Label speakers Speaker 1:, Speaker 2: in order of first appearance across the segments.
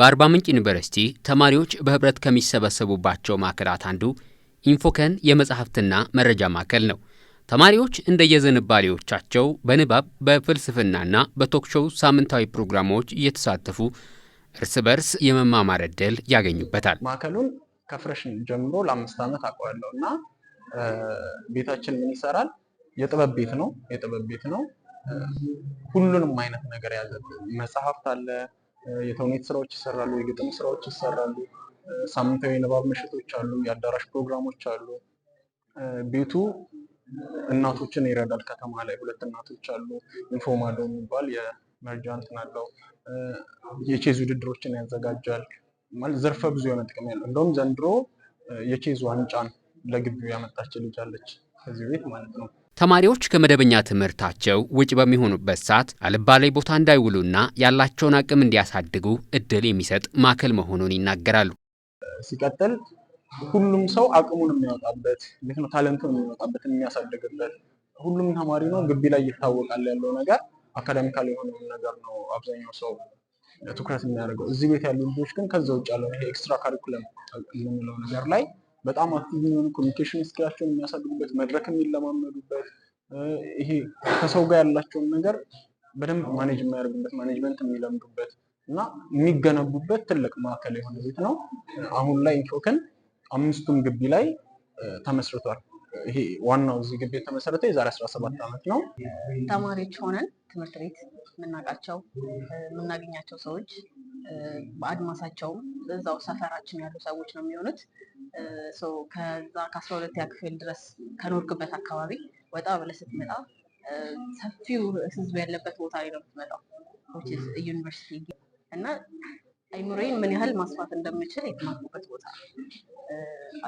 Speaker 1: በአርባ ምንጭ ዩኒቨርሲቲ ተማሪዎች በህብረት ከሚሰበሰቡባቸው ማዕከላት አንዱ ኢንፎከን የመጽሕፍትና መረጃ ማዕከል ነው። ተማሪዎች እንደየዝንባሌዎቻቸው በንባብ በፍልስፍናና በቶክሾው ሳምንታዊ ፕሮግራሞች እየተሳተፉ እርስ በርስ የመማማር ዕድል ያገኙበታል።
Speaker 2: ማዕከሉን ከፍረሽ ጀምሮ ለአምስት ዓመት አውቀዋለሁ እና ቤታችን ምን ይሰራል? የጥበብ ቤት ነው። የጥበብ ቤት ነው። ሁሉንም አይነት ነገር ያዘ። መጽሐፍት አለ የተውኔት ስራዎች ይሰራሉ፣ የግጥም ስራዎች ይሰራሉ፣ ሳምንታዊ የንባብ ምሽቶች አሉ፣ የአዳራሽ ፕሮግራሞች አሉ። ቤቱ እናቶችን ይረዳል። ከተማ ላይ ሁለት እናቶች አሉ። ኢንፎማዶ የሚባል የመርጃ እንትን አለው። የቼዝ ውድድሮችን ያዘጋጃል። ማለት ዘርፈ ብዙ የሆነ ጥቅም ያለው እንደውም ዘንድሮ የቼዝ ዋንጫን ለግቢው ያመጣች ልጅ አለች ከዚህ ቤት ማለት ነው።
Speaker 1: ተማሪዎች ከመደበኛ ትምህርታቸው ውጭ በሚሆኑበት ሰዓት አልባሌ ቦታ እንዳይውሉና ያላቸውን አቅም እንዲያሳድጉ እድል የሚሰጥ ማዕከል መሆኑን ይናገራሉ።
Speaker 2: ሲቀጥል ሁሉም ሰው አቅሙን የሚያወጣበት እንዴት ነው ታለንቱን የሚያወጣበት የሚያሳድግበት፣ ሁሉም ተማሪ ነው ግቢ ላይ ይታወቃል ያለው ነገር አካዳሚካል የሆነ ነገር ነው አብዛኛው ሰው ትኩረት የሚያደርገው። እዚህ ቤት ያሉ ልጆች ግን ከዛ ውጭ ያለው ይሄ ኤክስትራ ካሪኩለም የምንለው ነገር ላይ በጣም አክቲቭ የሆኑ ኮሚኒኬሽን ስኪላቸውን የሚያሳድጉበት መድረክ የሚለማመዱበት ይሄ ከሰው ጋር ያላቸውን ነገር በደንብ ማኔጅ የሚያደርጉበት ማኔጅመንት የሚለምዱበት እና የሚገነቡበት ትልቅ ማዕከል የሆነ ቤት ነው። አሁን ላይ ኢንፎክን አምስቱም ግቢ ላይ ተመስርቷል። ይሄ ዋናው እዚህ ግቢ የተመሰረተ የዛሬ 17 ዓመት ነው።
Speaker 3: ተማሪዎች ሆነን ትምህርት ቤት የምናውቃቸው የምናገኛቸው ሰዎች በአድማሳቸውም እዛው ሰፈራችን ያሉ ሰዎች ነው የሚሆኑት። ከዛ ከአስራ ሁለተኛ ክፍል ድረስ ከኖርክበት አካባቢ ወጣ ብለህ ስትመጣ ሰፊው ህዝብ ያለበት ቦታ ላይ ነው የምትመጣው ዩኒቨርሲቲ እና አይምሮዬን ምን ያህል ማስፋት እንደምችል የተማርኩበት ቦታ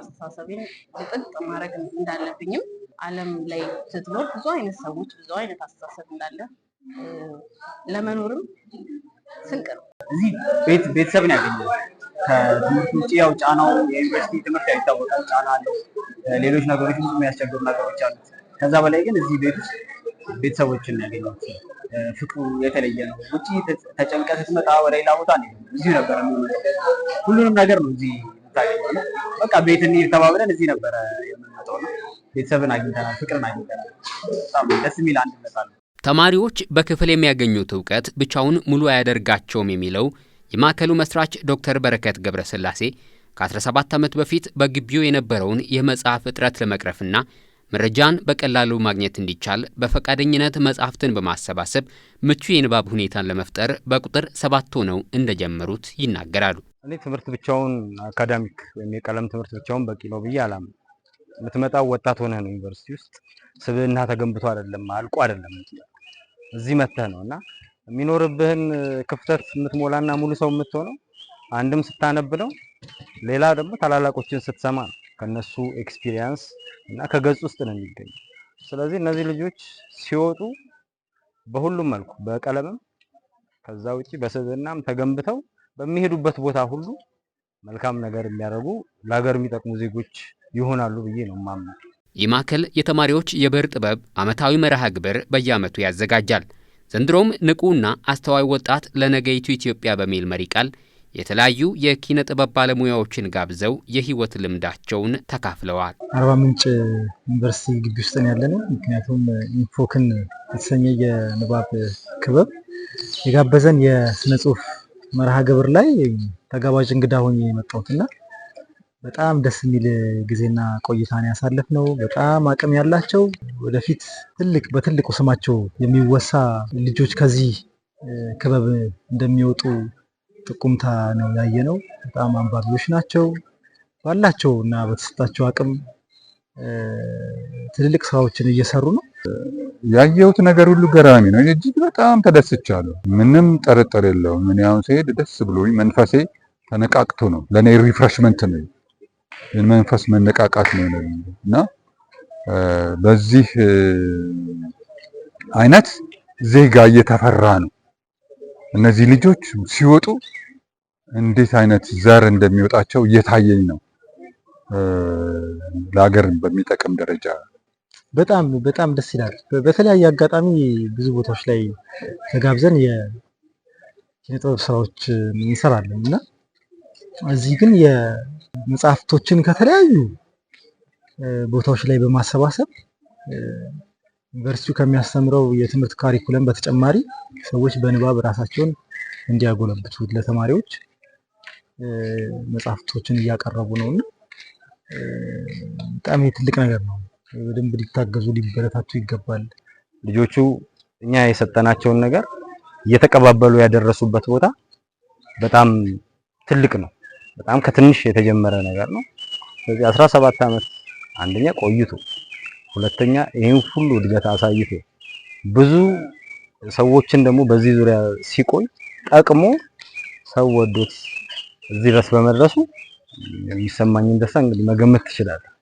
Speaker 3: አስተሳሰቤን ጥጥ ማድረግ እንዳለብኝም ዓለም ላይ ስትኖር ብዙ አይነት ሰዎች ብዙ አይነት አስተሳሰብ እንዳለ ለመኖርም ስንቅ ነው።
Speaker 4: እዚህ ቤተሰብን ያገኛል። ከትምህርት ውጭ ያው ጫናው የዩኒቨርሲቲ ትምህርት ያው ጫና አለው። ሌሎች ነገሮች የሚያስቸግሩ ነገሮች አሉ። ከዛ በላይ ግን እዚህ ቤት ውስጥ ቤተሰቦችን ያገኘሁት ፍቅሩ የተለየ ነው። ውጭ ተጨንቀ ስትመጣ ወደ ሌላ ቦታ እዚሁ ነበረ ሁሉንም ነገር ነው እዚህ የምታገኘው ነው። በቃ ቤት እንሂድ ተባብለን እዚህ ነበረ የምንመጣው ነው። ቤተሰብን አግኝተናል፣ ፍቅርን አግኝተናል። በጣም ደስ የሚል አንድነት አለ።
Speaker 1: ተማሪዎች በክፍል የሚያገኙት እውቀት ብቻውን ሙሉ አያደርጋቸውም የሚለው የማዕከሉ መስራች ዶክተር በረከት ገብረስላሴ ከ17 ዓመት በፊት በግቢው የነበረውን የመጽሐፍ እጥረት ለመቅረፍና መረጃን በቀላሉ ማግኘት እንዲቻል በፈቃደኝነት መጽሐፍትን በማሰባሰብ ምቹ የንባብ ሁኔታን ለመፍጠር በቁጥር ሰባት ሆነው እንደጀመሩት ይናገራሉ።
Speaker 5: እኔ ትምህርት ብቻውን አካዳሚክ ወይም የቀለም ትምህርት ብቻውን በቂ ነው ብዬ አላም። የምትመጣው ወጣት ሆነ ነው። ዩኒቨርሲቲ ውስጥ ስብዕና ተገንብቶ አይደለም አልቆ አይደለም እዚህ መተህ ነው እና የሚኖርብህን ክፍተት የምትሞላና ሙሉ ሰው የምትሆነው አንድም ስታነብ ነው፣ ሌላ ደግሞ ታላላቆችን ስትሰማ ነው። ከነሱ ኤክስፒሪየንስ እና ከገጽ ውስጥ ነው የሚገኘው። ስለዚህ እነዚህ ልጆች ሲወጡ በሁሉም መልኩ በቀለምም ከዛ ውጪ በስብዕናም ተገንብተው በሚሄዱበት ቦታ ሁሉ መልካም ነገር የሚያደርጉ ለሀገር የሚጠቅሙ ዜጎች ይሆናሉ ብዬ ነው የማምነው።
Speaker 1: ይህ ማዕከል የተማሪዎች የብዕር ጥበብ ዓመታዊ መርሃ ግብር በየዓመቱ ያዘጋጃል። ዘንድሮም ንቁና አስተዋይ ወጣት ለነገይቱ ኢትዮጵያ በሚል መሪ ቃል የተለያዩ የኪነ ጥበብ ባለሙያዎችን ጋብዘው የህይወት ልምዳቸውን ተካፍለዋል።
Speaker 6: አርባ ምንጭ ዩኒቨርሲቲ ግቢ ውስጥ ያለ ነው። ምክንያቱም ኢንፎክን የተሰኘ የንባብ ክበብ የጋበዘን የስነ ጽሁፍ መርሃ ግብር ላይ ተጋባዥ እንግዳ ሆኜ የመጣሁትና በጣም ደስ የሚል ጊዜና ቆይታን ያሳለፍ ነው። በጣም አቅም ያላቸው ወደፊት ትልቅ በትልቁ ስማቸው የሚወሳ ልጆች ከዚህ ክበብ እንደሚወጡ ጥቁምታ ነው ያየ ነው። በጣም አንባቢዎች ናቸው። ባላቸው እና በተሰጣቸው አቅም ትልልቅ ስራዎችን እየሰሩ ነው።
Speaker 7: ያየሁት ነገር ሁሉ ገራሚ ነው። እጅግ በጣም ተደስቻለሁ። ምንም ጥርጥር የለውም። እኔ አሁን ስሄድ ደስ ብሎኝ መንፈሴ ተነቃቅቶ ነው። ለእኔ ሪፍሬሽመንት ነው። መንፈስ መነቃቃት ነው እና በዚህ አይነት ዜጋ እየተፈራ ነው። እነዚህ ልጆች ሲወጡ እንዴት አይነት ዘር እንደሚወጣቸው እየታየኝ ነው። ለሀገር በሚጠቅም ደረጃ
Speaker 6: በጣም በጣም ደስ ይላል። በተለያየ አጋጣሚ ብዙ ቦታዎች ላይ ተጋብዘን የኪነጥበብ ስራዎች እንሰራለን እና እዚህ ግን መጽሐፍቶችን ከተለያዩ ቦታዎች ላይ በማሰባሰብ ዩኒቨርሲቲው ከሚያስተምረው የትምህርት ካሪኩለም በተጨማሪ ሰዎች በንባብ ራሳቸውን እንዲያጎለብቱ ለተማሪዎች መጽሐፍቶችን እያቀረቡ ነው እና በጣም ትልቅ ነገር ነው። በደንብ ሊታገዙ ሊበረታቱ ይገባል።
Speaker 8: ልጆቹ እኛ የሰጠናቸውን ነገር እየተቀባበሉ ያደረሱበት ቦታ በጣም ትልቅ ነው። በጣም ከትንሽ የተጀመረ ነገር ነው። ስለዚህ 17 ዓመት አንደኛ ቆይቶ፣ ሁለተኛ ይህን ሁሉ እድገት አሳይቶ ብዙ ሰዎችን ደግሞ በዚህ ዙሪያ ሲቆይ ጠቅሞ ሰው ወዶት እዚህ ድረስ በመድረሱ የሚሰማኝ ደስታ እንግዲህ መገመት ትችላለህ።